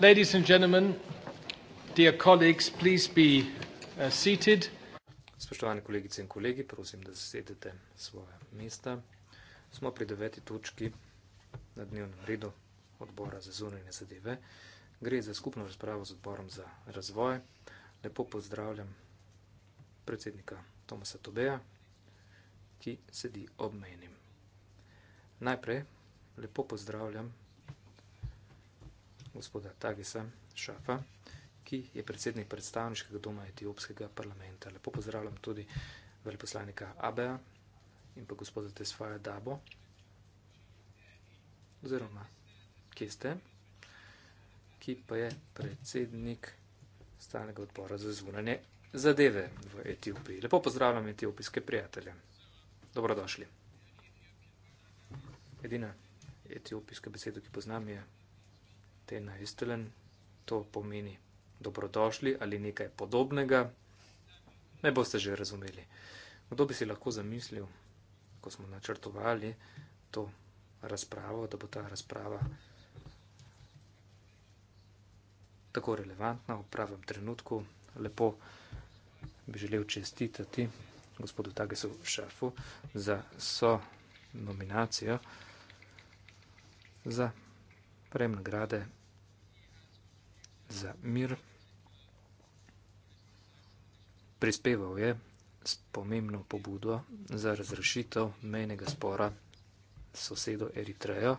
Ladies and gentlemen, dear colleagues, please be uh, seated. Spoštovane kolegice in kolegi, prosim, da sedete svoje mesta. Smo pri deveti točki na dnevnem redu odbora za zunanje zadeve. Gre za skupno razpravo z odborom za razvoj. Lepo pozdravljam predsednika Tomasa Tobeja, ki sedi ob menim. Najprej lepo pozdravljam predsednika gospoda Tagisa Šafa, ki je predsednik predstavniškega doma etiopskega parlamenta. Lepo pozdravljam tudi veleposlanika Abea in pa gospoda Tesfaja Dabo. Oziroma, kje ste? Ki pa je predsednik stalnega odbora za zunanje zadeve v Etiopiji. Lepo pozdravljam etiopijske prijatelje. Dobrodošli. Edina etiopijska beseda, ki poznam, je te na istelen, to pomeni dobrodošli ali nekaj podobnega. Ne boste že razumeli. Kdo bi si lahko zamislil, ko smo načrtovali to razpravo, da bo ta razprava tako relevantna v pravem trenutku. Lepo bi želel čestitati gospodu Tagesu Šafu za so nominacijo za prejem nagrade za mir. Prispeval je s pomembno pobudo za razrešitev mejnega spora s sosedo Eritrejo,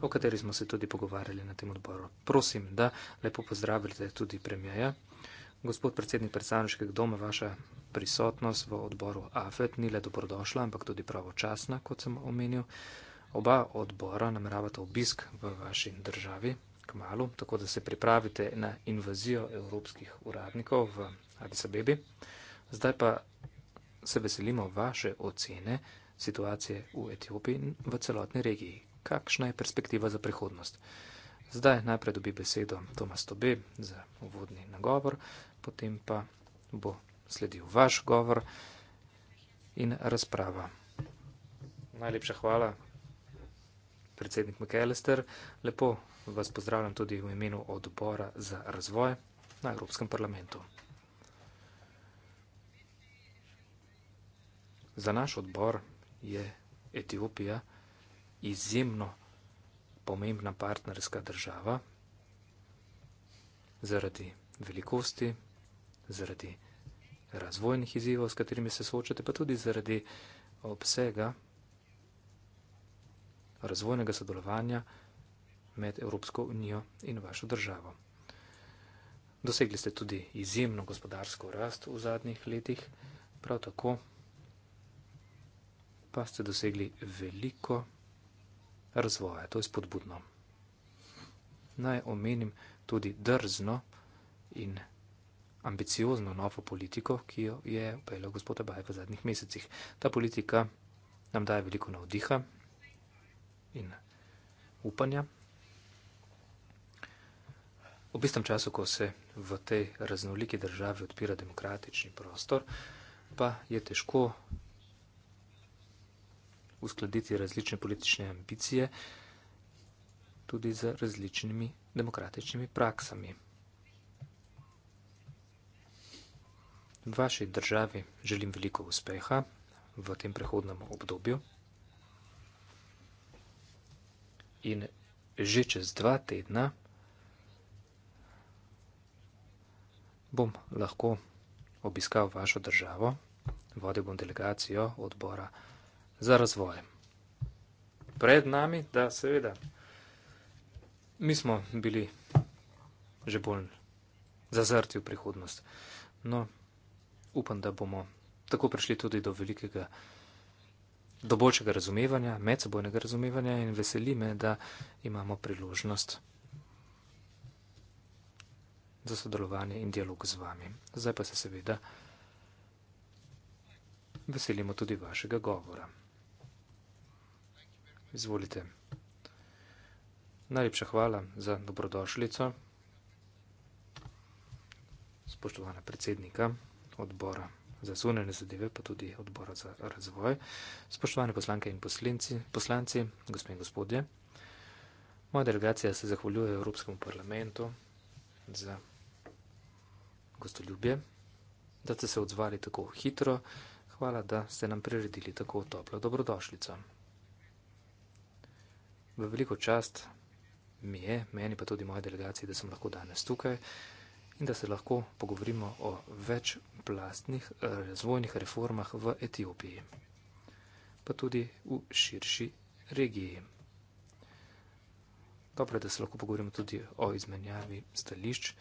o kateri smo se tudi pogovarjali na tem odboru. Prosim, da lepo pozdravite tudi premijeja. Gospod predsednik predstavniškega doma, vaša prisotnost v odboru AFET ni le dobrodošla, ampak tudi pravočasna, kot sem omenil. Oba odbora nameravata obisk v vaši državi k malu, tako da se pripravite na invazijo evropskih uradnikov v Addis Abebi. Zdaj pa se veselimo vaše ocene situacije v Etiopiji in v celotni regiji. Kakšna je perspektiva za prihodnost? Zdaj najprej dobi besedo Tomas Tobe za uvodni nagovor, potem pa bo sledil vaš govor in razprava. Najlepša hvala, predsednik McAllister. Lepo vas pozdravljam tudi v imenu odbora za razvoj na Evropskem parlamentu. Za naš odbor je Etiopija izjemno pomembna partnerska država zaradi velikosti, zaradi razvojnih izzivov, s katerimi se soočate, pa tudi zaradi obsega razvojnega sodelovanja med Evropsko unijo in vašo državo. Dosegli ste tudi izjemno gospodarsko rast v zadnjih letih, prav tako pa ste dosegli veliko razvoja, to je spodbudno. Naj omenim tudi drzno in ambiciozno novo politiko, ki jo je upeljal gospod Abaj v zadnjih mesecih. Ta politika nam daje veliko navdiha, in upanja. Ob istem času, ko se v tej raznoliki državi odpira demokratični prostor, pa je težko uskladiti različne politične ambicije tudi z različnimi demokratičnimi praksami. V vaši državi želim veliko uspeha v tem prehodnem obdobju in že čez dva tedna bom lahko obiskal vašo državo, vodil bom delegacijo odbora za razvoj. Pred nami, da seveda, mi smo bili že bolj zazrti v prihodnost. No, upam, da bomo tako prišli tudi do velikega vsega do boljšega razumevanja, medsebojnega razumevanja in veseli me, da imamo priložnost za sodelovanje in dialog z vami. Zdaj pa se seveda veselimo tudi vašega govora. Izvolite. Najlepša hvala za dobrodošljico, spoštovana predsednika odbora za zunanje zadeve, pa tudi odbora za razvoj. Spoštovane poslanke in poslanci, poslanci gospe in gospodje, moja delegacija se zahvaljuje Evropskemu parlamentu za gostoljubje, da ste se odzvali tako hitro. Hvala, da ste nam priredili tako toplo dobrodošljico. V veliko čast mi je, meni pa tudi moje delegacije, da sem lahko danes tukaj in da se lahko pogovorimo o večplastnih eh, razvojnih reformah v Etiopiji, pa tudi v širši regiji. Dobro, da se lahko pogovorimo tudi o izmenjavi stališč,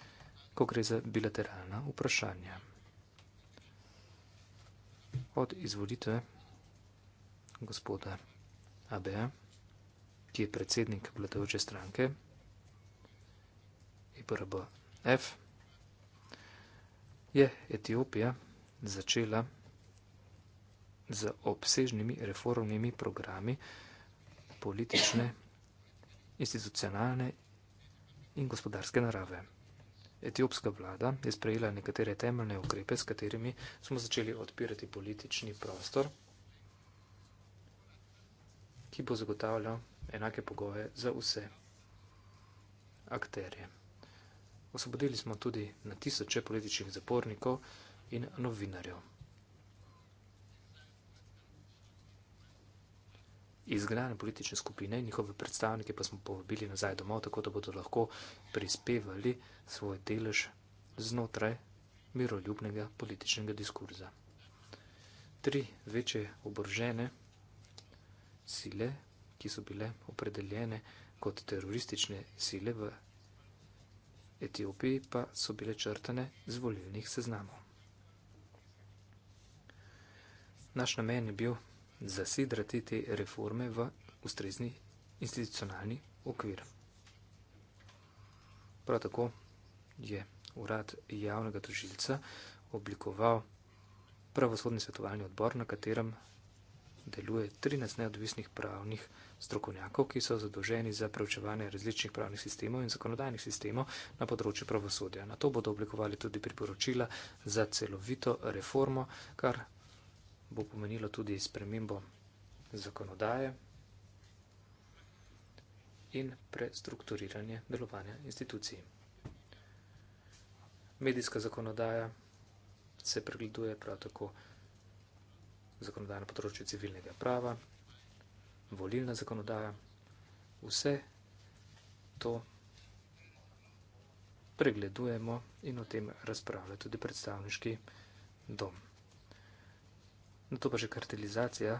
ko gre za bilateralna vprašanja. Od izvolitve gospoda Abea, ki je predsednik vladajoče stranke, IPRBF. E je Etiopija začela z obsežnimi reformnimi programi politične, institucionalne in gospodarske narave. Etiopska vlada je sprejela nekatere temeljne ukrepe, s katerimi smo začeli odpirati politični prostor, ki bo zagotavljal enake pogoje za vse akterje. Osvobodili smo tudi na tisoče političnih zapornikov in novinarjev. Izgnane politične skupine in njihove predstavnike pa smo povabili nazaj domov, tako da bodo lahko prispevali svoj delež znotraj miroljubnega političnega diskurza. Tri večje oborožene sile, ki so bile opredeljene kot teroristične sile v Etiopiji pa so bile črtane z volilnih seznamov. Naš namen je bil zasidrati te reforme v ustrezni institucionalni okvir. Prav tako je urad javnega tožilca oblikoval pravosodni svetovalni odbor, na katerem deluje 13 neodvisnih pravnih strokovnjakov, ki so zadolženi za preučevanje različnih pravnih sistemov in zakonodajnih sistemov na področju pravosodja. Na to bodo oblikovali tudi priporočila za celovito reformo, kar bo pomenilo tudi spremembo zakonodaje in prestrukturiranje delovanja institucij. Medijska zakonodaja se pregleduje prav tako zakonodaja na področju civilnega prava, volilna zakonodaja, vse to pregledujemo in o tem razpravlja tudi predstavniški dom. Na to pa že kartelizacija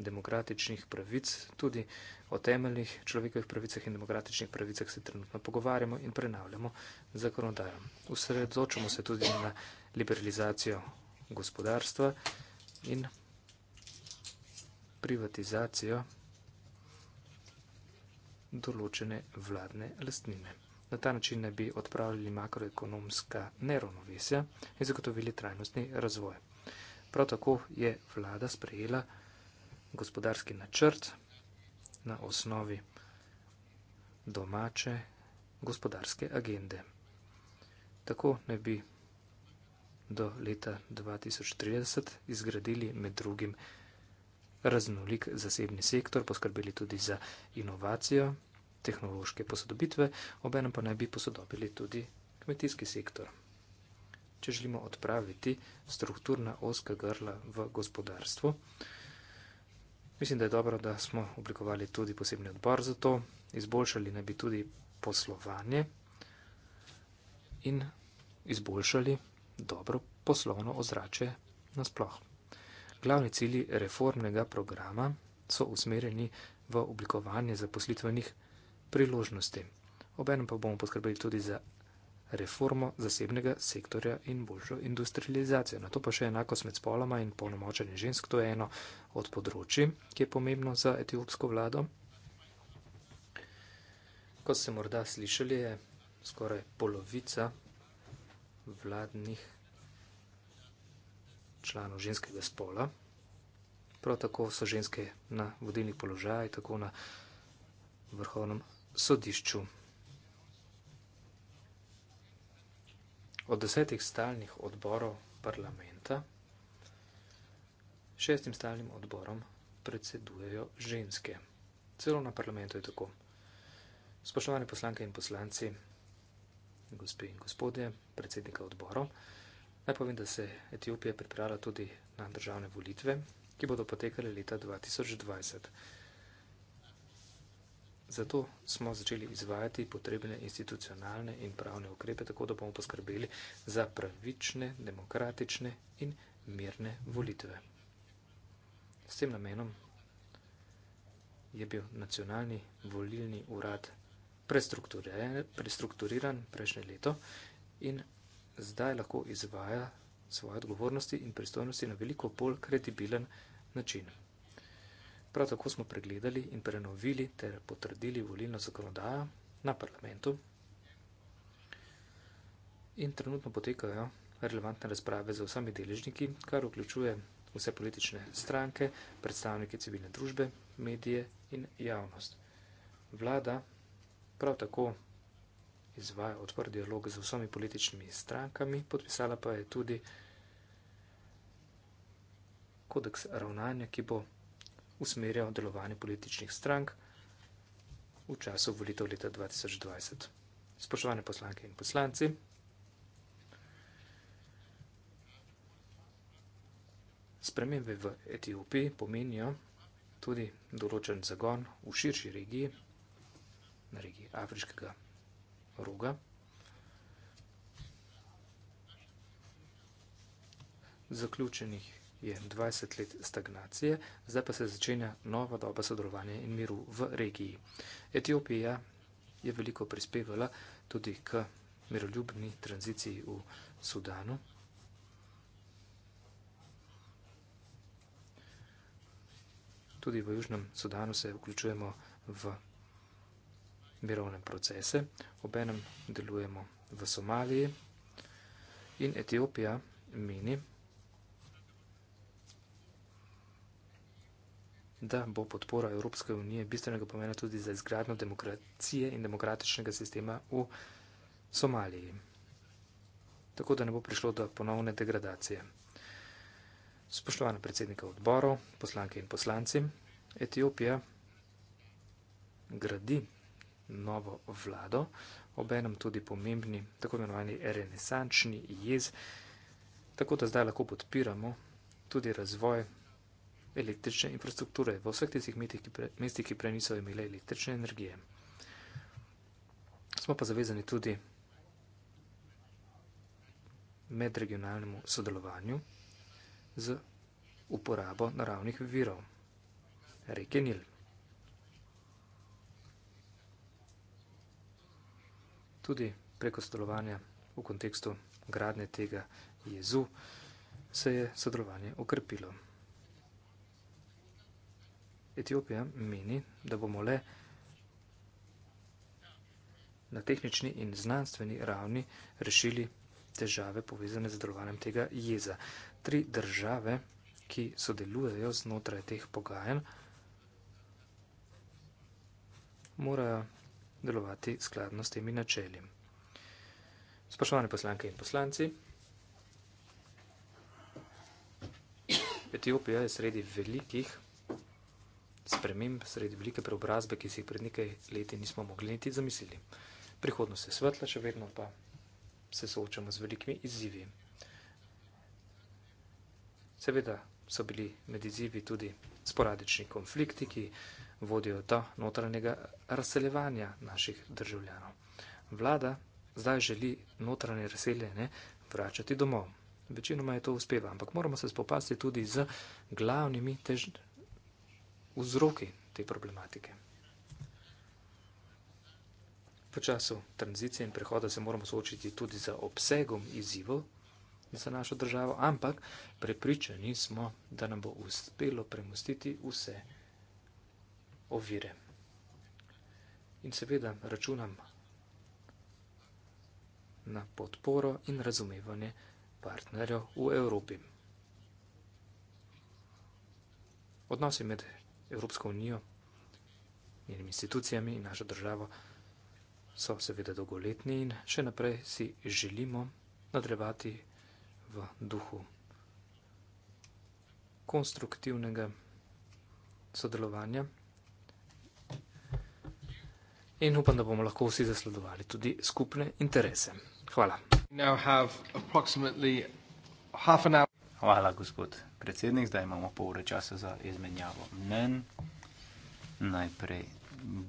demokratičnih pravic, tudi o temeljnih človekovih pravicah in demokratičnih pravicah se trenutno pogovarjamo in prenavljamo zakonodajo. Usredzočamo se tudi na liberalizacijo gospodarstva in privatizacijo določene vladne lastnine. Na ta način ne bi odpravili makroekonomska neravnovesja in zagotovili trajnostni razvoj. Prav tako je vlada sprejela gospodarski načrt na osnovi domače gospodarske agende. Tako ne bi do leta 2030 izgradili med drugim raznolik zasebni sektor, poskrbeli tudi za inovacijo, tehnološke posodobitve, obenem pa naj bi posodobili tudi kmetijski sektor. Če želimo odpraviti strukturna oska grla v gospodarstvu, mislim, da je dobro, da smo oblikovali tudi posebni odbor za to, izboljšali naj bi tudi poslovanje in izboljšali dobro poslovno ozračje nasplošno. Glavni cilji reformnega programa so usmerjeni v oblikovanje zaposlitvenih priložnosti. Obenem pa bomo poskrbeli tudi za reformo zasebnega sektorja in boljšo industrializacijo. Na to pa še enakost med spoloma in polnomočenje žensk, to je eno od področji, ki je pomembno za etiopsko vlado. Kot ste morda slišali, je skoraj polovica vladnih članov ženskega spola. Prav tako so ženske na vodilnih položajih, tako na vrhovnem sodišču. Od desetih stalnih odborov parlamenta šestim stalnim odborom predsedujejo ženske. Celo na parlamentu je tako. Spoštovane poslanke in poslanci, gospe in gospodje, predsednika odborov. Naj povem, da se Etiopija pripravlja tudi na državne volitve, ki bodo potekale leta 2020. Zato smo začeli izvajati potrebne institucionalne in pravne ukrepe, tako da bomo poskrbeli za pravične, demokratične in mirne volitve. S tem namenom je bil nacionalni volilni urad prestrukturiran prejšnje leto in zdaj lahko izvaja svoje odgovornosti in pristojnosti na veliko bolj kredibilen način. Prav tako smo pregledali in prenovili ter potrdili volilno zakonodajo na parlamentu in trenutno potekajo relevantne razprave za vsemi deležniki, kar vključuje vse politične stranke, predstavnike civilne družbe, medije in javnost. Vlada prav tako izvaja odprt dialog z vsemi političnimi strankami, podpisala pa je tudi kodeks ravnanja, ki bo usmerjal delovanje političnih strank v času volitev leta 2020. Spoštovane poslanke in poslanci, spremembe v Etiopiji pomenijo tudi določen zagon v širši regiji, na regiji Afriškega Руга. Zaključenih je 20 let stagnacije, zdaj pa se začenja nova doba sodelovanja in miru v regiji. Etiopija je veliko prispevala tudi k miroljubni tranziciji v Sudanu. Tudi v Južnem Sudanu se vključujemo v mirovne procese, obenem delujemo v Somaliji in Etiopija meni, da bo podpora Evropske unije bistvenega pomena tudi za izgradno demokracije in demokratičnega sistema v Somaliji, tako da ne bo prišlo do ponovne degradacije. Spoštovana predsednika odborov, poslanke in poslanci, Etiopija gradi novo vlado, obenem tudi pomembni tako imenovani renesančni jez, tako da zdaj lahko podpiramo tudi razvoj električne infrastrukture v vseh tistih mestih, ki prej niso imeli električne energije. Smo pa zavezani tudi medregionalnemu sodelovanju z uporabo naravnih virov, reke Nil. tudi preko sodelovanja v kontekstu gradne tega jezu, se je sodelovanje okrepilo. Etiopija meni, da bomo le na tehnični in znanstveni ravni rešili težave povezane z delovanjem tega jeza. Tri države, ki sodelujejo znotraj teh pogajanj, morajo delovati skladno s temi načeli. Spoštovane poslanke in poslanci, Etiopija je sredi velikih sprememb, sredi velike preobrazbe, ki si jih pred nekaj leti nismo mogli niti zamisliti. Prihodnost je svetla, še vedno pa se soočamo z velikimi izzivi. Seveda so bili med izzivi tudi sporadični konflikti, ki vodijo do notranjega razseljevanja naših državljanov. Vlada zdaj želi notranje razseljene vračati domov. Večinoma je to uspeva, ampak moramo se spopasti tudi z glavnimi tež... vzroki te problematike. V času tranzicije in prehoda se moramo soočiti tudi z obsegom izzivov za našo državo, ampak prepričani smo, da nam bo uspelo premustiti vse ovire. In seveda računam na podporo in razumevanje partnerjev v Evropi. Odnosi med Evropsko unijo, njenimi institucijami in našo državo so seveda dolgoletni in še naprej si želimo nadrevati v duhu konstruktivnega sodelovanja in upam, da bomo lahko vsi zasledovali tudi skupne interese. Hvala. Hvala, gospod predsednik. Zdaj imamo pol ure časa za izmenjavo mnen. Najprej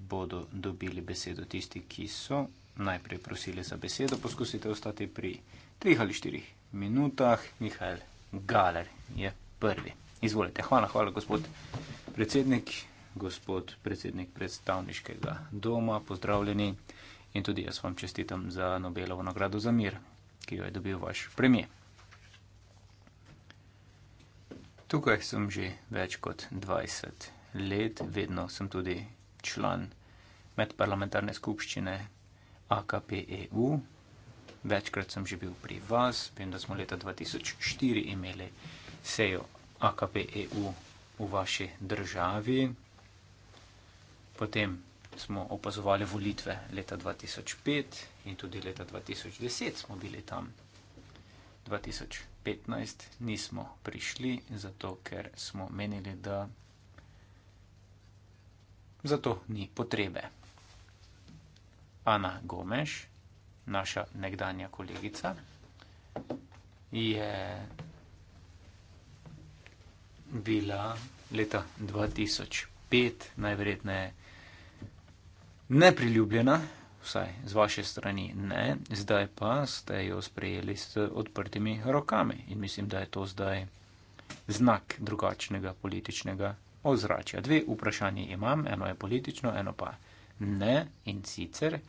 bodo dobili besedo tisti, ki so najprej prosili za besedo. Poskusite ostati pri trih ali štirih minutah. Mihajl Galer je prvi. Izvolite. Hvala, hvala, gospod predsednik gospod predsednik predstavniškega doma, pozdravljeni in tudi jaz vam čestitam za Nobelovo nagrado za mir, ki jo je dobil vaš premije. Tukaj sem že več kot 20 let, vedno sem tudi član medparlamentarne skupščine AKPEU. Večkrat sem že bil pri vas, vem, da smo leta 2004 imeli sejo AKPEU v vaši državi, Potem smo opazovali volitve leta 2005 in tudi leta 2010 smo bili tam. 2015 nismo prišli, zato ker smo menili, da za to ni potrebe. Ana Gomeš, naša nekdanja kolegica, je bila leta 2015 pet, najverjetneje nepriljubljena, vsaj z vaše strani ne, zdaj pa ste jo sprejeli s odprtimi rokami in mislim, da je to zdaj znak drugačnega političnega ozračja. Dve vprašanje imam, eno je politično, eno pa ne in sicer.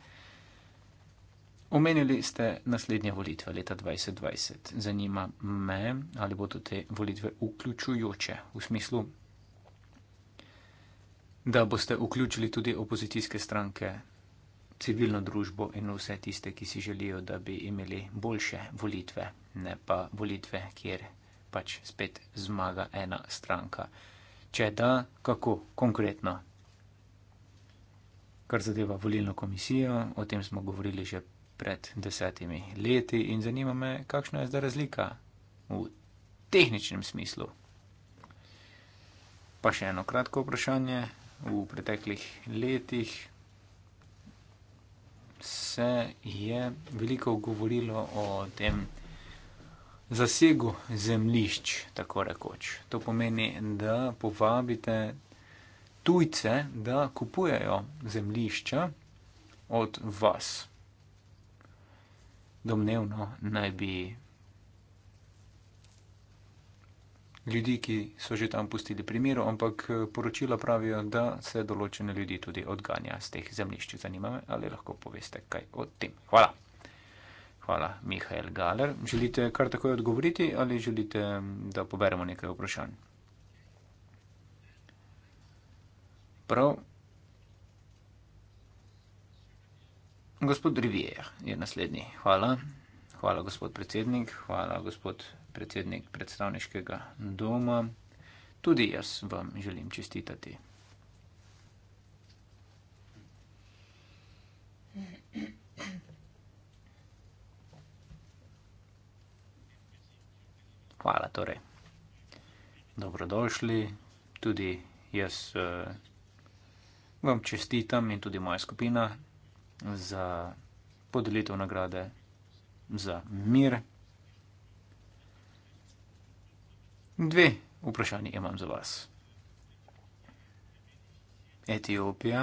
Omenili ste naslednje volitve leta 2020. Zanima me, ali bodo te volitve vključujoče v smislu da boste vključili tudi opozicijske stranke, civilno družbo in vse tiste, ki si želijo, da bi imeli boljše volitve, ne pa volitve, kjer pač spet zmaga ena stranka. Če da, kako konkretno? Kar zadeva volilno komisijo, o tem smo govorili že pred desetimi leti in zanima me, kakšna je zdaj razlika v tehničnem smislu. Pa še eno kratko vprašanje, v preteklih letih. Se je veliko govorilo o tem zasegu zemljišč, tako rekoč. To pomeni, da povabite tujce, da kupujejo zemljišča od vas. Domnevno naj bi ljudi, ki so že tam pustili pri miru, ampak eh, poročila pravijo, da se določene ljudi tudi odganja z teh zemljišč. Zanima me, ali lahko poveste kaj o tem. Hvala. Hvala, Mihajl Galer. Želite kar takoj odgovoriti ali želite, da poberemo nekaj vprašanj? Prav. Gospod Rivier je naslednji. Hvala. Hvala, gospod predsednik. Hvala, gospod predsednik predstavniškega doma. Tudi jaz vam želim čestitati. Hvala, torej. Dobrodošli. Tudi jaz uh, vam čestitam in tudi moja skupina za podelitev nagrade za mir. Dve vprašanje imam za vas. Etiopija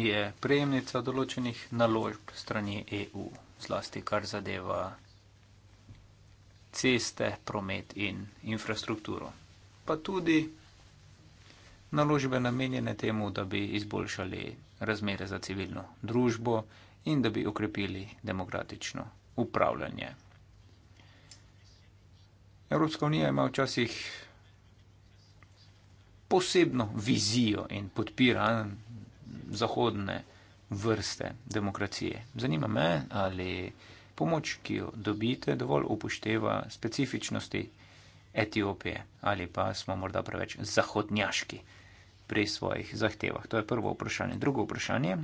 je prejemnica določenih naložb strani EU, zlasti kar zadeva ceste, promet in infrastrukturo. Pa tudi naložbe namenjene temu, da bi izboljšali razmere za civilno družbo in da bi okrepili demokratično upravljanje Evropska unija ima včasih posebno vizijo in podpira zahodne vrste demokracije. Zanima me, ali pomoč, ki jo dobite, dovolj upošteva specifičnosti Etiopije ali pa smo morda preveč zahodnjaški pri svojih zahtevah. To je prvo vprašanje. Drugo vprašanje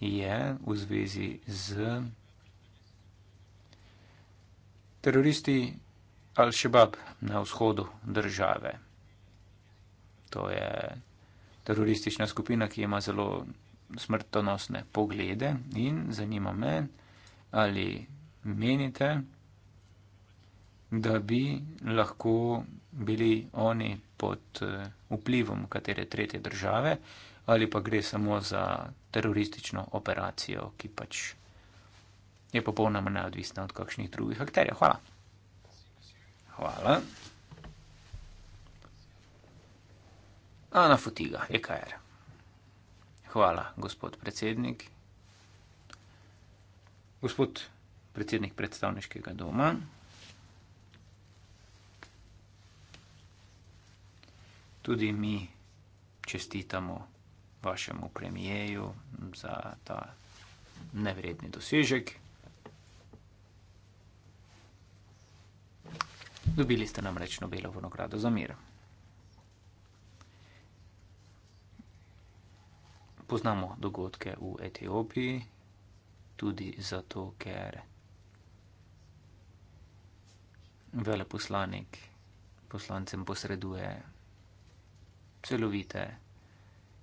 je v zvezi z teroristi Al-Shabaab na vzhodu države. To je teroristična skupina, ki ima zelo smrtonosne poglede in zanima me, ali menite, da bi lahko bili oni pod eh, vplivom katere tretje države ali pa gre samo za teroristično operacijo, ki pač je popolnoma neodvisna od kakšnih drugih akterjev. Hvala. Hvala. Ana Futiga, EKR. Hvala, gospod predsednik. Gospod predsednik predstavniškega doma. Tudi mi čestitamo vašemu premijeju za ta nevredni dosežek. Dobili ste namreč Nobelovo nagrado za mir. Poznamo dogodke v Etiopiji, tudi zato, ker veleposlanik poslancem posreduje celovite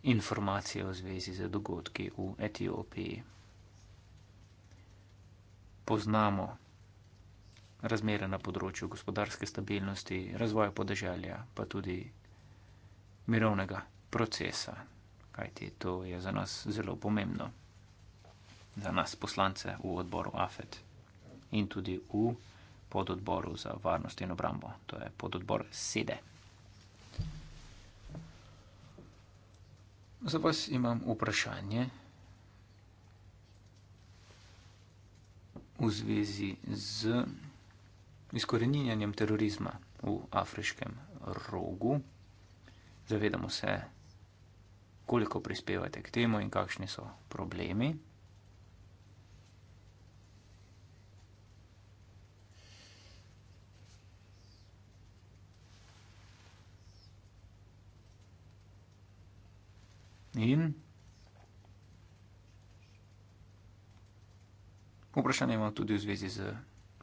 informacije o zvezi z dogodki v Etiopiji. Poznamo razmere na področju gospodarske stabilnosti, razvoja podeželja, pa tudi mirovnega procesa, kajti to je za nas zelo pomembno, za nas poslance v odboru AFED in tudi v pododboru za varnost in obrambo, to je pododbor SEDE. Za vas imam vprašanje v zvezi z izkoreninjanjem terorizma v afriškem rogu. Zavedamo se, koliko prispevate k temu in kakšni so problemi. In vprašanje imamo tudi v zvezi z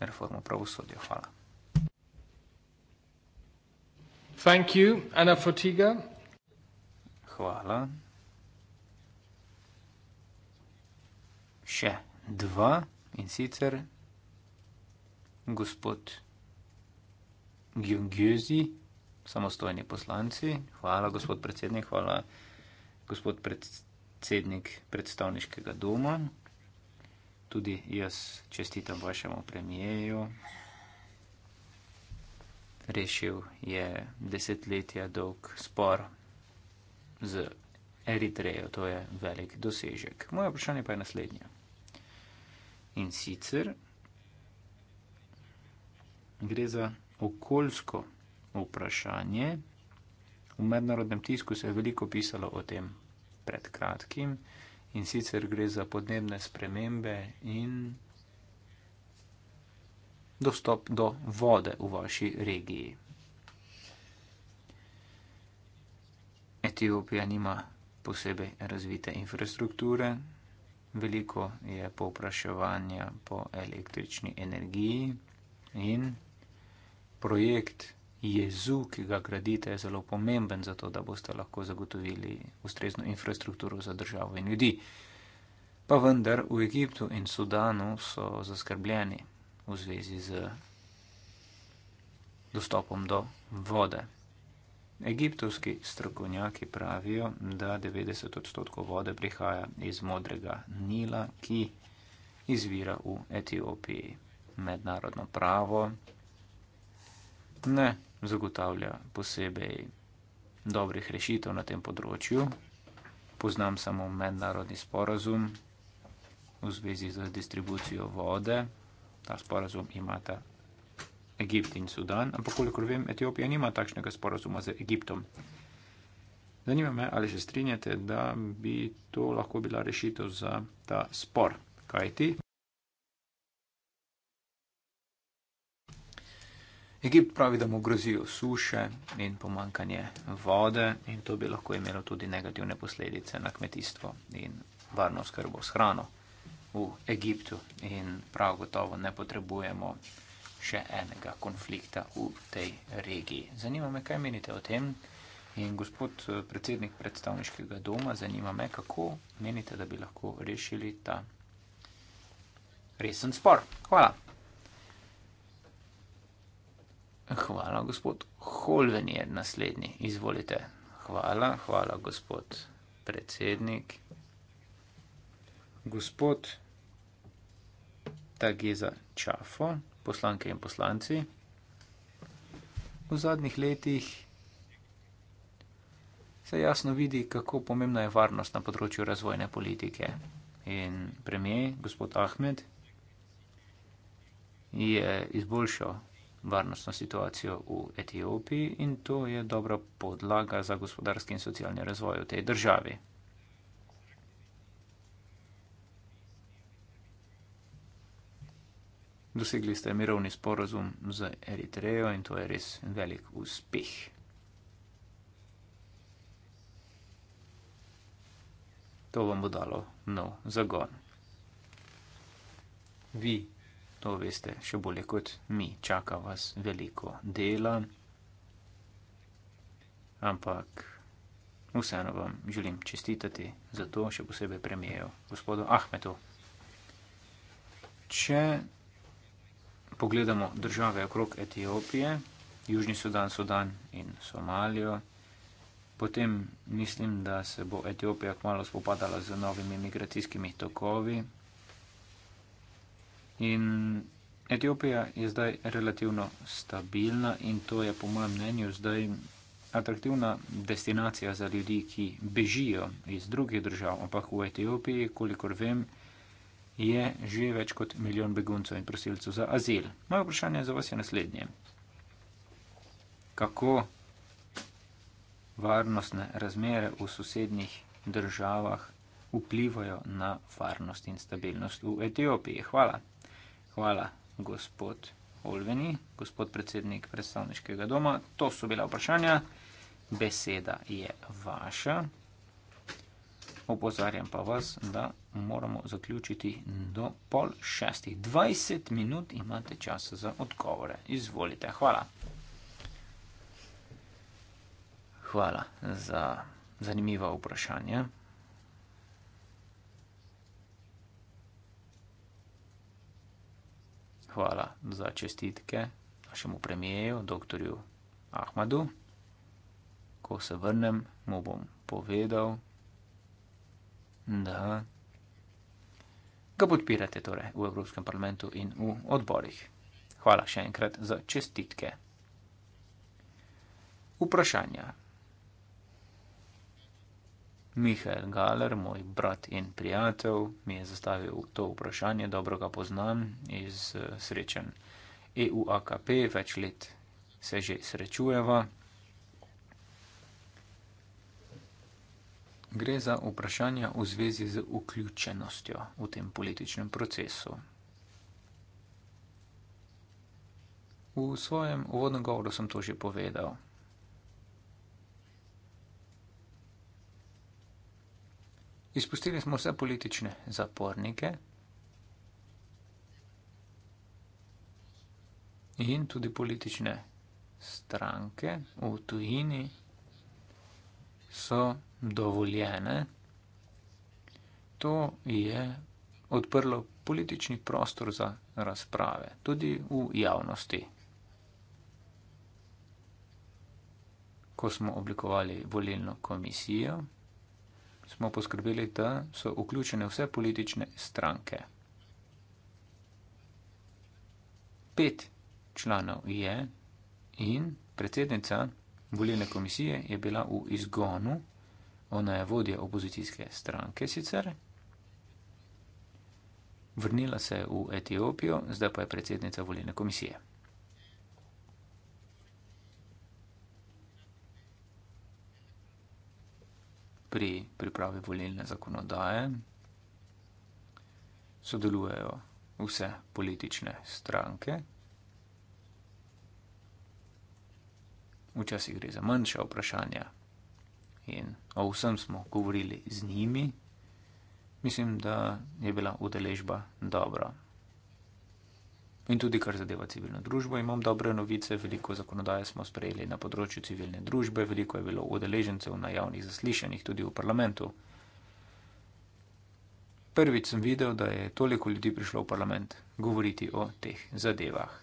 reformo pravosodja. Hvala. Thank you, Anna Fortiga. Hvala. Še dva in sicer gospod Gjungjuzi, samostojni poslanci. Hvala, gospod predsednik. Hvala, gospod predsednik predstavniškega doma tudi jaz čestitam vašemu premijeju. Rešil je desetletja dolg spor z Eritrejo, to je velik dosežek. Moje vprašanje pa je naslednje. In sicer gre za okoljsko vprašanje. V mednarodnem tisku se je veliko pisalo o tem pred kratkim in sicer gre za podnebne spremembe in dostop do vode v vaši regiji. Etiopija nima posebej razvite infrastrukture, veliko je povpraševanja po električni energiji in projekt jezu, ki ga gradite, je zelo pomemben za to, da boste lahko zagotovili ustrezno infrastrukturo za državo in ljudi. Pa vendar v Egiptu in Sudanu so zaskrbljeni v zvezi z dostopom do vode. Egiptovski strokovnjaki pravijo, da 90 odstotkov vode prihaja iz modrega Nila, ki izvira v Etiopiji. Mednarodno pravo ne zagotavlja posebej dobrih rešitev na tem področju. Poznam samo mednarodni sporazum v zvezi z distribucijo vode. Ta sporazum imata Egipt in Sudan, ampak kolikor vem, Etiopija nima takšnega sporazuma z Egiptom. Zanima me, ali se strinjate, da bi to lahko bila rešitev za ta spor. Kajti? Egipt pravi, da mu grozijo suše in pomankanje vode, in to bi lahko imelo tudi negativne posledice na kmetijstvo in varno skrbo s hrano v Egiptu. In prav gotovo ne potrebujemo še enega konflikta v tej regiji. Zanima me, kaj menite o tem. In gospod eh, predsednik predstavniškega doma, zanima me, kako menite, da bi lahko rešili ta resen spor. Hvala. Hvala, gospod Holven je naslednji. Izvolite. Hvala, hvala, gospod predsednik. Gospod Tageza Čafo, poslanke in poslanci. V zadnjih letih se jasno vidi, kako pomembna je varnost na področju razvojne politike. In premijer, gospod Ahmed, je izboljšal varnostno situacijo v Etiopiji in to je dobra podlaga za gospodarski in socialni razvoj v tej državi. Dosegli ste mirovni sporozum z Eritrejo in to je res velik uspeh. To vam bo dalo nov zagon. Vi to veste še bolje kot mi, čaka vas veliko dela, ampak vseeno vam želim čestitati za to, še posebej premijeju gospodu Ahmetu. Če pogledamo države okrog Etiopije, Južni Sudan, Sudan in Somalijo, potem mislim, da se bo Etiopija kmalo spopadala z novimi migracijskimi tokovi, In Etiopija je zdaj relativno stabilna in to je po mojem mnenju zdaj atraktivna destinacija za ljudi, ki bežijo iz drugih držav. Ampak v Etiopiji, kolikor vem, je že več kot milijon beguncev in prosilcev za azil. Moje vprašanje za vas je naslednje. Kako varnostne razmere v sosednjih državah vplivajo na varnost in stabilnost v Etiopiji? Hvala. Hvala, gospod Olveni, gospod predsednik predstavniškega doma. To so bila vprašanja. Beseda je vaša. Opozarjam pa vas, da moramo zaključiti do pol šestih. 20 minut imate časa za odgovore. Izvolite. Hvala. Hvala za zanimiva vprašanja. hvala za čestitke našemu premijeju, doktorju Ahmadu. Ko se vrnem, mu bom povedal, da ga podpirate torej v Evropskem parlamentu in v odborih. Hvala še enkrat za čestitke. Vprašanja. Mihael Galer, moj brat in prijatelj, mi je zastavil to vprašanje, dobro ga poznam iz eh, srečen EUAKP, več let se že srečujeva. Gre za vprašanja v zvezi z vključenostjo v tem političnem procesu. V svojem uvodnem govoru sem to že povedal. Izpustili smo vse politične zapornike in tudi politične stranke v tujini so dovoljene. To je odprlo politični prostor za razprave, tudi v javnosti. Ko smo oblikovali volilno komisijo, smo poskrbeli, da so vključene vse politične stranke. Pet članov je in predsednica volilne komisije je bila v izgonu, ona je vodja opozicijske stranke sicer, vrnila se je v Etiopijo, zdaj pa je predsednica volilne komisije. pri pripravi volilne zakonodaje sodelujejo vse politične stranke. Včasih gre za manjša vprašanja in o vsem smo govorili z njimi. Mislim, da je bila udeležba dobra. In tudi, kar zadeva civilno družbo, imam dobre novice. Veliko zakonodaje smo sprejeli na področju civilne družbe, veliko je bilo udeležencev na javnih zaslišanjih, tudi v parlamentu. Prvič sem videl, da je toliko ljudi prišlo v parlament govoriti o teh zadevah.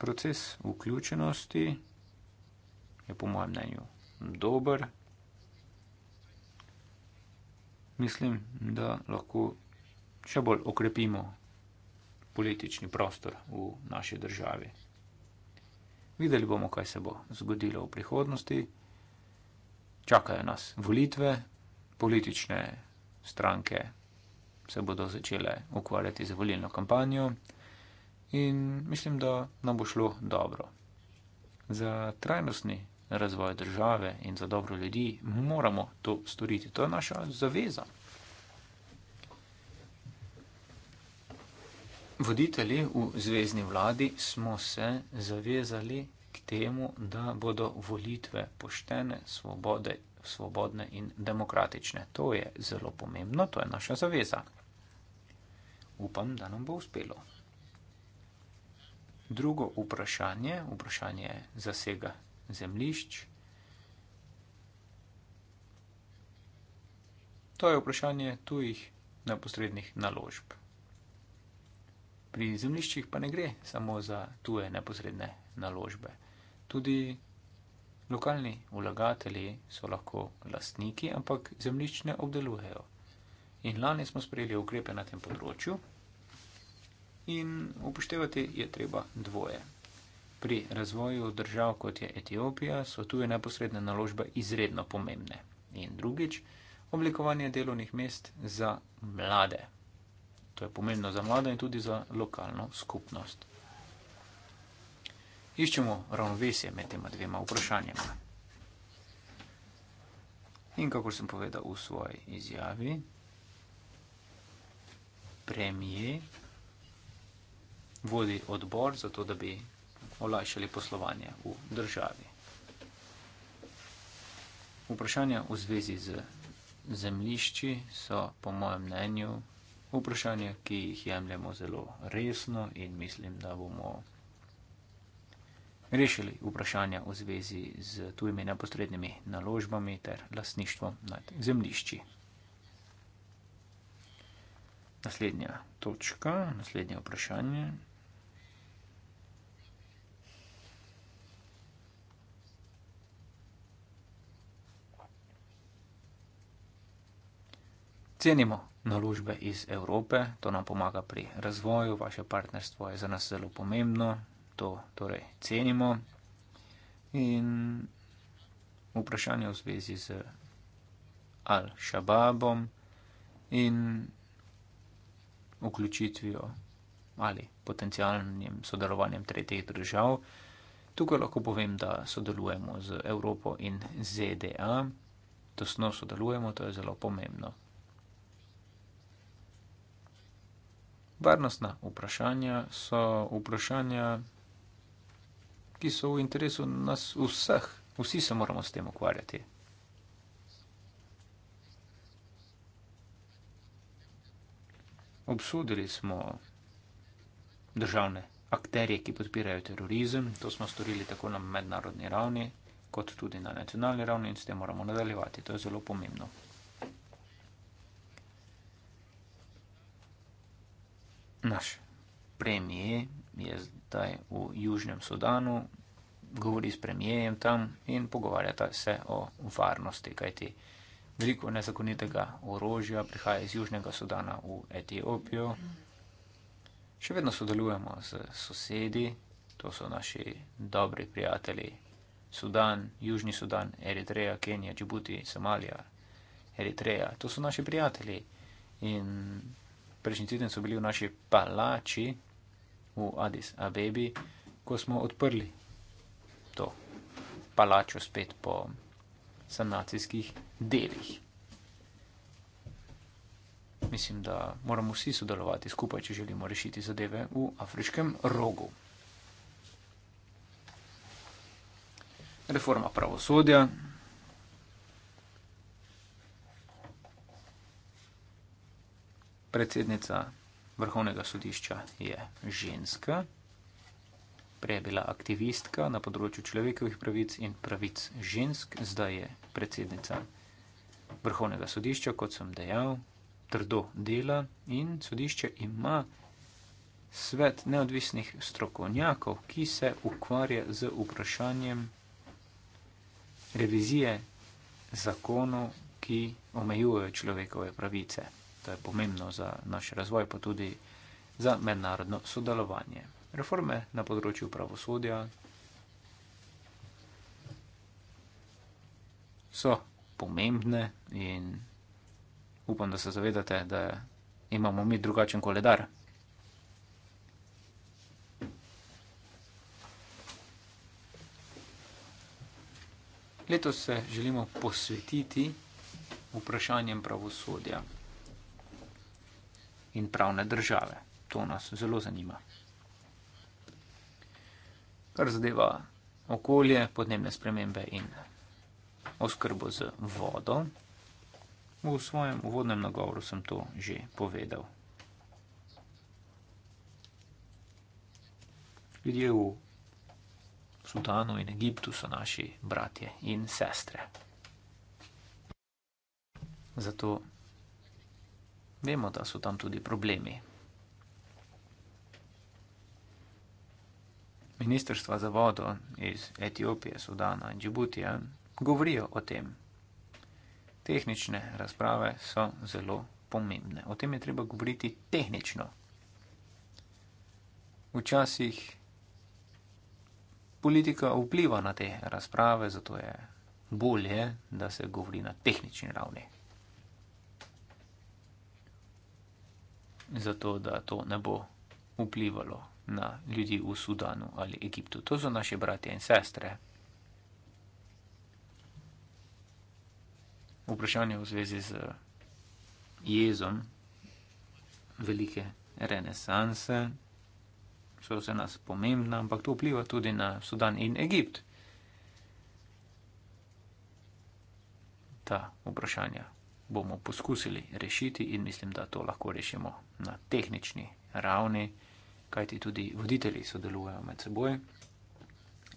Proces vključenosti je po mojem mnenju dober. Mislim, da lahko še bolj okrepimo politični prostor v naši državi. Videli bomo, kaj se bo zgodilo v prihodnosti. Čakajo nas volitve, politične stranke se bodo začele ukvarjati z volilno kampanjo in mislim, da nam bo šlo dobro. Za trajnostni razvoj države in za dobro ljudi moramo to storiti. To je naša zaveza. Voditelji v zvezdni vladi smo se zavezali k temu, da bodo volitve poštene, svobode, svobodne in demokratične. To je zelo pomembno, to je naša zaveza. Upam, da nam bo uspelo. Drugo vprašanje, vprašanje zasega zemlišč. To je vprašanje tujih neposrednih naložb. Pri zemljiščih pa ne gre samo za tuje neposredne naložbe. Tudi lokalni vlagatelji so lahko lastniki, ampak zemljišč ne obdelujejo. In lani smo sprejeli ukrepe na tem področju in upoštevati je treba dvoje. Pri razvoju držav, kot je Etiopija, so tuje neposredne naložbe izredno pomembne. In drugič, oblikovanje delovnih mest za mlade. To je pomembno za mlade in tudi za lokalno skupnost. Iščemo ravnovesje med tema dvema vprašanjama. In kako sem povedal v svoji izjavi, premije vodi odbor za to, da bi olajšali poslovanje v državi. Vprašanja v zvezi z zemlišči so po mojem mnenju vprašanja, ki jih jemljemo zelo resno in mislim, da bomo rešili vprašanja v zvezi z tujimi neposrednimi naložbami ter lasništvom nad zemlišči. Naslednja točka, naslednje vprašanje. Cenimo naložbe iz Evrope, to nam pomaga pri razvoju, vaše partnerstvo je za nas zelo pomembno, to torej cenimo. In vprašanje v zvezi z Al-Shababom in vključitvijo ali potencijalnim sodelovanjem tretjih držav. Tukaj lahko povem, da sodelujemo z Evropo in ZDA, tesno sodelujemo, to je zelo pomembno. Varnostna vprašanja so vprašanja, ki so v interesu nas vseh. Vsi se moramo s tem ukvarjati. Obsodili smo državne akterje, ki podpirajo terorizem. To smo storili tako na mednarodni ravni, kot tudi na nacionalni ravni in s tem moramo nadaljevati. To je zelo pomembno. Naš premijer je zdaj v Južnem Sudanu, govori s premijerjem tam in pogovarjata se o varnosti, kajti veliko nezakonitega orožja prihaja iz Južnega Sudana v Etiopijo. Še vedno sodelujemo z sosedi, to so naši dobri prijatelji Sudan, Južni Sudan, Eritreja, Kenija, Džibuti, Somalija, Eritreja, to so naši prijatelji. In prejšnji teden so bili v naši palači v Addis Abebi, ko smo odprli to palačo spet po sanacijskih delih. Mislim, da moramo vsi sodelovati skupaj, če želimo rešiti zadeve v afriškem rogu. Reforma pravosodja, predsednica vrhovnega sodišča je ženska, prej je bila aktivistka na področju človekovih pravic in pravic žensk, zdaj je predsednica vrhovnega sodišča, kot sem dejal, trdo dela in sodišče ima svet neodvisnih strokovnjakov, ki se ukvarja z vprašanjem revizije zakonov, ki omejujejo človekove pravice je pomembno za naš razvoj, pa tudi za mednarodno sodelovanje. Reforme na področju pravosodja so pomembne in upam, da se zavedate, da imamo mi drugačen koledar. Letos se želimo posvetiti vprašanjem pravosodja in pravne države. To nas zelo zanima. Kar zadeva okolje, podnebne spremembe in oskrbo z vodo, v svojem uvodnem nagovoru sem to že povedal. Ljudje v Sudanu in Egiptu so naši bratje in sestre. Zato vemo, da so tam tudi problemi. Ministrstva za vodo iz Etiopije, Sudana in Džibutija govorijo o tem. Tehnične razprave so zelo pomembne. O tem je treba govoriti tehnično. Včasih politika vpliva na te razprave, zato je bolje, da se govori na tehnični ravni. zato da to ne bo vplivalo na ljudi v Sudanu ali Egiptu. To so naše bratje in sestre. Vprašanje v zvezi z jezom velike renesanse so za nas pomembna, ampak to vpliva tudi na Sudan in Egipt. Ta vprašanja bomo poskusili rešiti in mislim, da to lahko rešimo na tehnični ravni, kajti tudi voditelji sodelujejo med seboj.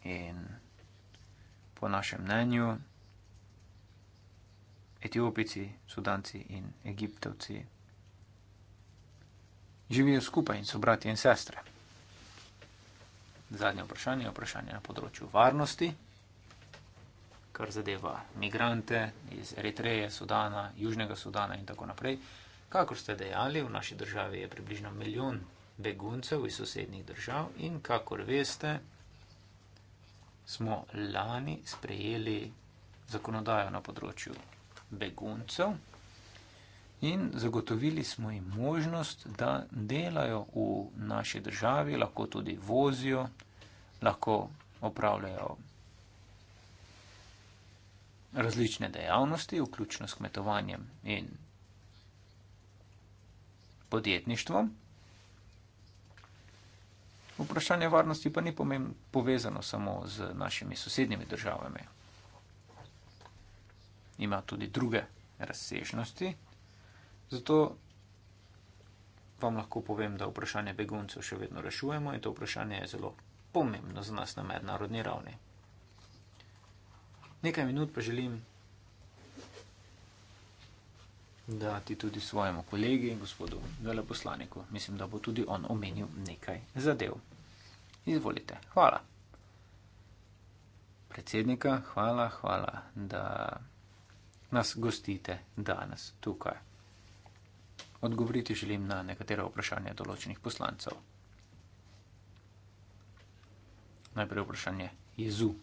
In po našem mnenju, etiopici, sudanci in egiptovci živijo skupaj in so brati in sestre. Zadnje vprašanje je vprašanje na področju varnosti kar zadeva migrante iz Eritreje, Sudana, Južnega Sudana in tako naprej. Kakor ste dejali, v naši državi je približno milijon beguncev iz sosednjih držav in kakor veste, smo lani sprejeli zakonodajo na področju beguncev in zagotovili smo jim možnost, da delajo v naši državi, lahko tudi vozijo, lahko opravljajo različne dejavnosti, vključno s kmetovanjem in podjetništvom. Vprašanje varnosti pa ni povezano samo z našimi sosednjimi državami. Ima tudi druge razsežnosti. Zato vam lahko povem, da vprašanje beguncev še vedno rešujemo in to vprašanje je zelo pomembno za nas na mednarodni ravni nekaj minut pa želim, da ti tudi svojemu kolegi in gospodu veleposlaniku, mislim, da bo tudi on omenil nekaj zadev. Izvolite, hvala. Predsednika, hvala, hvala, da nas gostite danes tukaj. Odgovoriti želim na nekatera vprašanja določenih poslancev. Najprej vprašanje Jezu.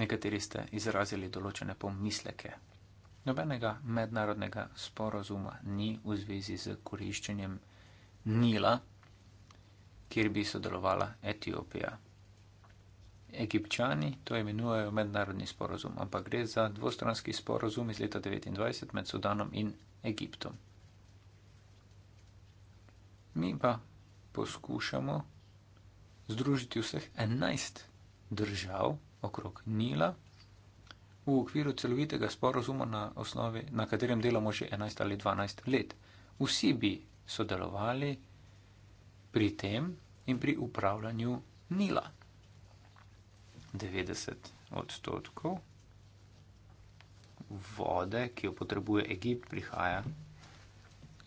Nekateri ste izrazili določene pomisleke. Nobenega mednarodnega sporozuma ni v zvezi z koriščenjem Nila, kjer bi sodelovala Etiopija. Egipčani to imenujejo mednarodni sporozum, ampak gre za dvostranski sporozum iz leta 1929 med Sudanom in Egiptom. Mi pa poskušamo združiti vseh 11 držav, okrog Nila. V okviru celovitega sporozuma, na, osnovi, na katerem delamo že 11 ali 12 let, vsi bi sodelovali pri tem in pri upravljanju Nila. 90 odstotkov vode, ki jo potrebuje Egipt, prihaja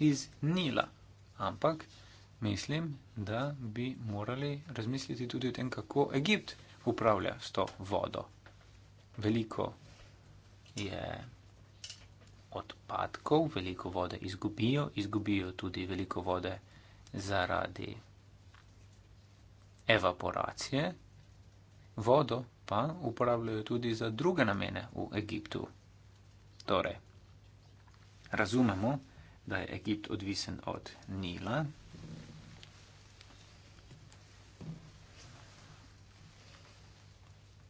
iz Nila. Ampak mislim, da bi morali razmisliti tudi o tem, kako Egipt upravlja s to vodo. Veliko je odpadkov, veliko vode izgubijo, izgubijo tudi veliko vode zaradi evaporacije. Vodo pa uporabljajo tudi za druge namene v Egiptu. Torej, razumemo, da je Egipt odvisen od Nila,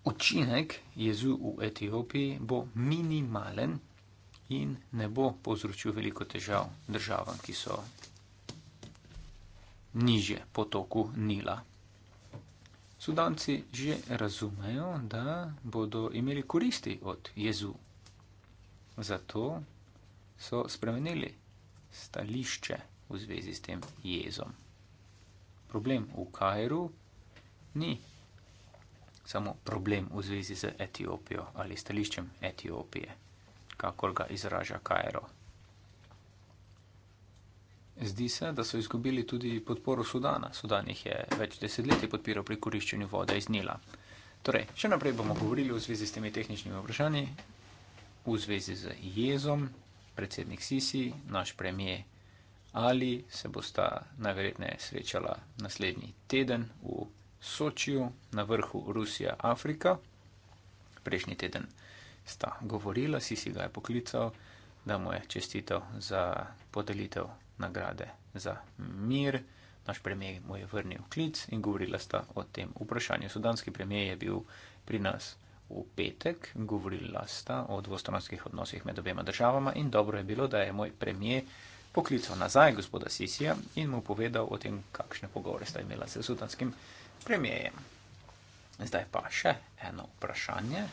učinek jezu v Etiopiji bo minimalen in ne bo povzročil veliko težav državam, ki so niže po toku Nila. Sudanci že razumejo, da bodo imeli koristi od jezu. Zato so spremenili stališče v zvezi s tem jezom. Problem v Kajru ni samo problem v zvezi z Etiopijo ali stališčem Etiopije, kakor ga izraža Kajro. Zdi se, da so izgubili tudi podporo Sudana. Sudan jih je več desetletij podpiral pri koriščenju vode iz Nila. Torej, še naprej bomo govorili v zvezi s temi tehničnimi vprašanji, v zvezi z jezom, predsednik Sisi, naš premijer, ali se bosta najverjetneje srečala naslednji teden v Sočiju, na vrhu Rusija, Afrika. Prejšnji teden sta govorila, si si ga je poklical, da mu je čestitev za podelitev nagrade za mir. Naš premijer mu je vrnil klic in govorila sta o tem vprašanju. Sudanski premijer je bil pri nas v petek, govorila sta o dvostranskih odnosih med obema državama in dobro je bilo, da je moj premijer poklical nazaj gospoda Sisija in mu povedal o tem, kakšne pogovore sta imela se sudanskim premijerjem premijejem. Zdaj pa še eno vprašanje.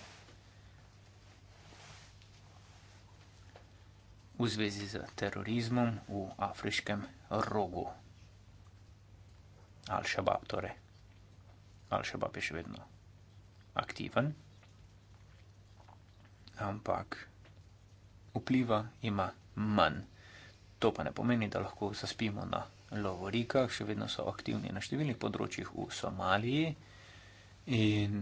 V zvezi z terorizmom v afriškem rogu. Al-Shabaab, torej. Al-Shabaab je še vedno aktiven, ampak vpliva ima manj. To pa ne pomeni, da lahko zaspimo na Lovorikah, še vedno so aktivni na številnih področjih v Somaliji. In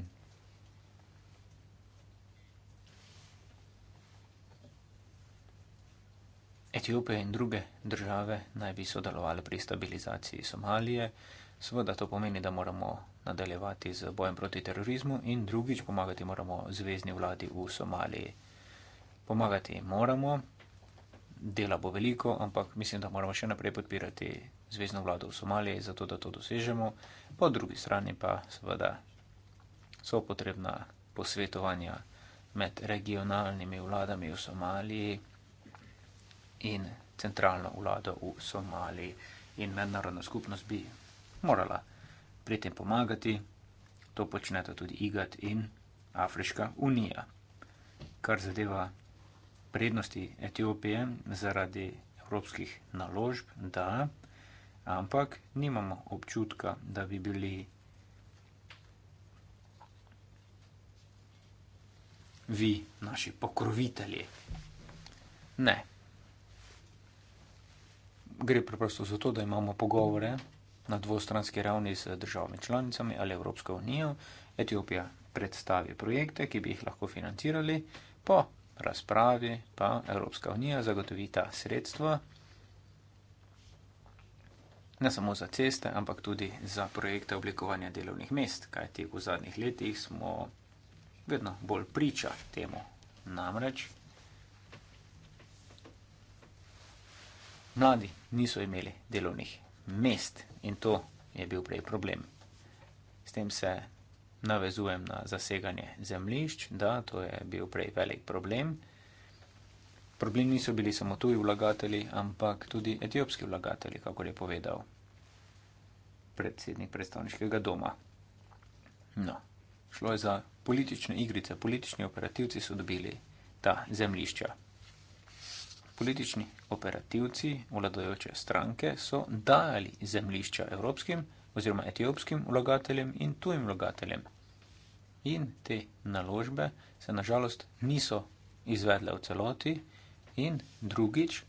Etiopija in druge države naj bi sodelovali pri stabilizaciji Somalije. Seveda to pomeni, da moramo nadaljevati z bojem proti terorizmu in drugič pomagati moramo zvezdni vladi v Somaliji. Pomagati moramo, dela bo veliko, ampak mislim, da moramo še naprej podpirati zvezdno vlado v Somaliji, zato da to dosežemo, po drugi strani pa seveda so potrebna posvetovanja med regionalnimi vladami v Somaliji in centralno vlado v Somaliji. In mednarodna skupnost bi morala pri tem pomagati, to počnete tudi IGAT in Afriška unija. Kar zadeva prednosti Etiopije zaradi evropskih naložb, da ampak nimamo občutka, da bi bili vi naši pokrovitelji. Ne. Gre preprosto za to, da imamo pogovore na dvostranski ravni z državami članicami ali Evropsko unijo. Etiopija predstavi projekte, ki bi jih lahko financirali, po razpravi pa Evropska unija zagotovi ta sredstva ne samo za ceste, ampak tudi za projekte oblikovanja delovnih mest, kajti v zadnjih letih smo vedno bolj priča temu. Namreč mladi niso imeli delovnih mest in to je bil prej problem. S tem se navezujem na zaseganje zemljišč, da to je bil prej velik problem. Problem niso bili samo tuji vlagatelji, ampak tudi etiopski vlagatelji, kako je povedal predsednik predstavniškega doma. No, šlo je za politične igrice, politični operativci so dobili ta zemlišča. Politični operativci, vladajoče stranke, so dajali zemlišča evropskim oziroma etiopskim vlagateljem in tujim vlagateljem. In te naložbe se nažalost niso izvedle v celoti. In drugič,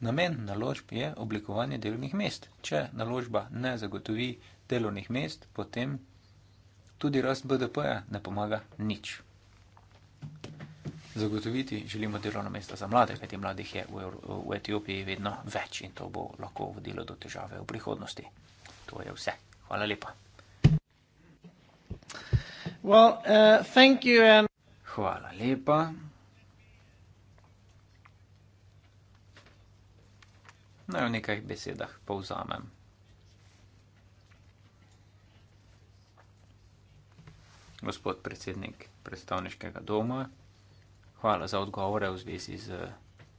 namen naložb je oblikovanje delovnih mest. Če naložba ne zagotovi delovnih mest, potem tudi rast BDP-ja ne pomaga nič. Zagotoviti želimo delovna mesta za mlade, kajti mladih je v, v Etiopiji vedno več in to bo lahko vodilo do težave v prihodnosti. To je vse. Hvala lepa. Well, uh, thank you and... Hvala lepa. Naj v nekaj besedah povzamem. Gospod predsednik predstavniškega doma, hvala za odgovore v zvezi z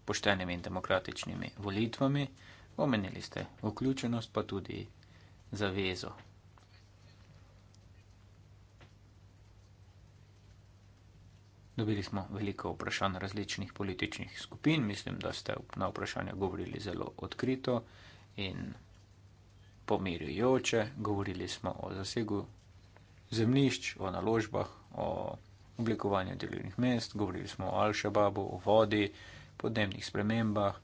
poštenimi in demokratičnimi volitvami. Omenili ste vključenost, pa tudi zavezo Dobili smo veliko vprašanj različnih političnih skupin, mislim, da ste na vprašanja govorili zelo odkrito in pomirjujoče. Govorili smo o zasegu zemljišč, o naložbah, o oblikovanju delovnih mest, govorili smo o Al-Shababu, o vodi, podnebnih spremembah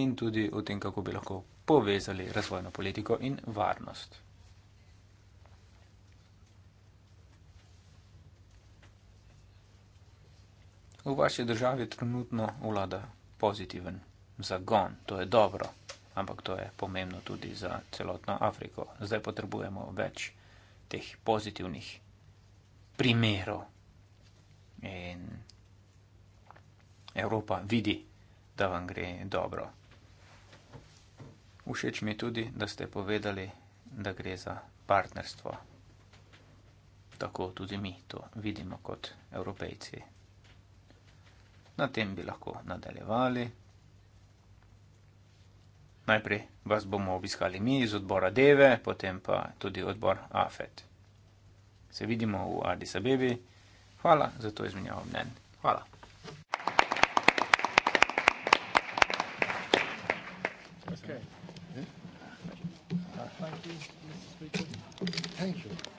in tudi o tem, kako bi lahko povezali razvojno politiko in varnost. V vaši državi trenutno vlada pozitiven zagon, to je dobro, ampak to je pomembno tudi za celotno Afriko. Zdaj potrebujemo več teh pozitivnih primerov. In Evropa vidi, da vam gre dobro. Všeč mi je tudi, da ste povedali, da gre za partnerstvo. Tako tudi mi to vidimo kot evropejci. Na tem bi lahko nadaljevali. Najprej vas bomo obiskali mi iz odbora Deve, potem pa tudi odbor AFET. Se vidimo v Addis Abebi. Hvala za to izmenjavo mnen. Hvala. Okay. Thank you.